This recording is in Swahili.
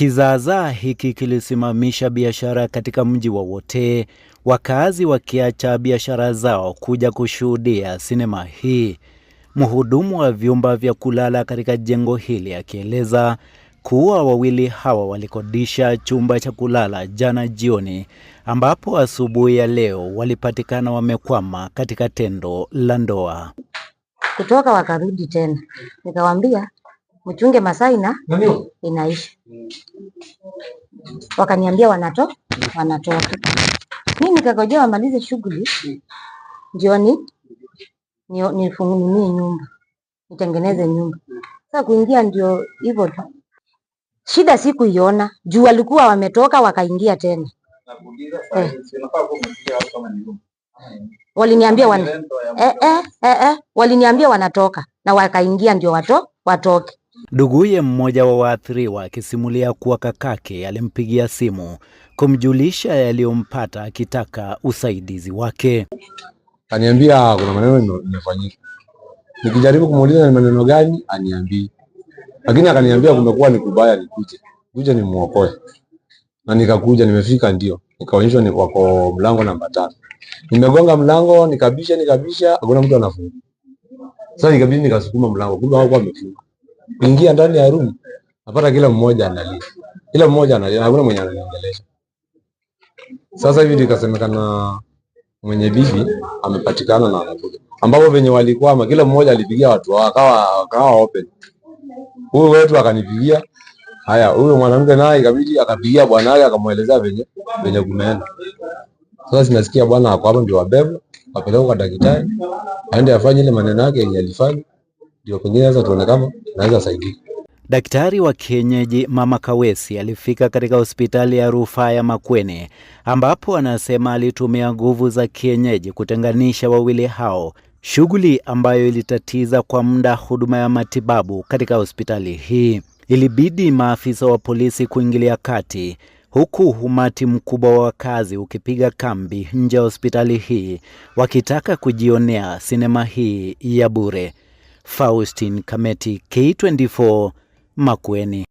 Kizaazaa hiki kilisimamisha biashara katika mji wa Wote, wakiacha biashara zao kuja kushuhudia sinema hii. Mhudumu wa vyumba vya kulala katika jengo hili akieleza kuwa wawili hawa walikodisha chumba cha kulala jana jioni, ambapo asubuhi ya leo walipatikana wamekwama katika tendo la ndoa. Kutoka wakarudi tena, nikawambia mchunge Masai na inaisha. Wakaniambia wanato wanatoka, mi nikagojea wamalize shughuli ndio nifungunie nyumba nitengeneze nyumba. Sasa kuingia ndio hivyo tu, shida sikuiona juu walikuwa wametoka wakaingia tena eh. Waliniambia wan... eh, eh, eh, eh. Waliniambia wanatoka na wakaingia ndio wato watoke Nduguye mmoja wa waathiriwa akisimulia kuwa kakake alimpigia simu kumjulisha yaliyompata akitaka usaidizi wake. Aniambia kuna maneno imefanyika, nikijaribu kumuuliza ni maneno gani aniambii, lakini akaniambia kumekuwa ni kubaya, nikuje kuje nimuokoe, na nikakuja. Nimefika ndio nikaonyeshwa ni wako mlango namba tano. Nimegonga mlango nikabisha, nikabisha, hakuna mtu anafungua. Sasa nikabidi nikasukuma mlango, kumbe hawakuwa wamefunga ingia ndani ya room, napata kila mmoja analia, kila mmoja analia, hakuna mwenye ananiongelesha. Sasa hivi nikasemekana mwenye bibi amepatikana na anakuja, ambapo venye walikwama, kila mmoja alipigia watu wakawa wakawa open. Huyu wetu akanipigia, haya, huyo mwanamke naye ikabidi akapigia bwana yake, akamwelezea venye venye kumeenda. Sasa sinasikia bwana ako ndio wabebu wapeleka kwa daktari aende afanye ile maneno yake yenye alifanya ndio pengine sasa tuone kama naweza saidika. Daktari wa kienyeji Mama Kawesi alifika katika hospitali ya rufaa ya Makwene ambapo anasema alitumia nguvu za kienyeji kutenganisha wawili hao, shughuli ambayo ilitatiza kwa muda huduma ya matibabu katika hospitali hii. Ilibidi maafisa wa polisi kuingilia kati, huku umati mkubwa wa wakazi ukipiga kambi nje ya hospitali hii wakitaka kujionea sinema hii ya bure. Faustin Kameti, K24, Makueni.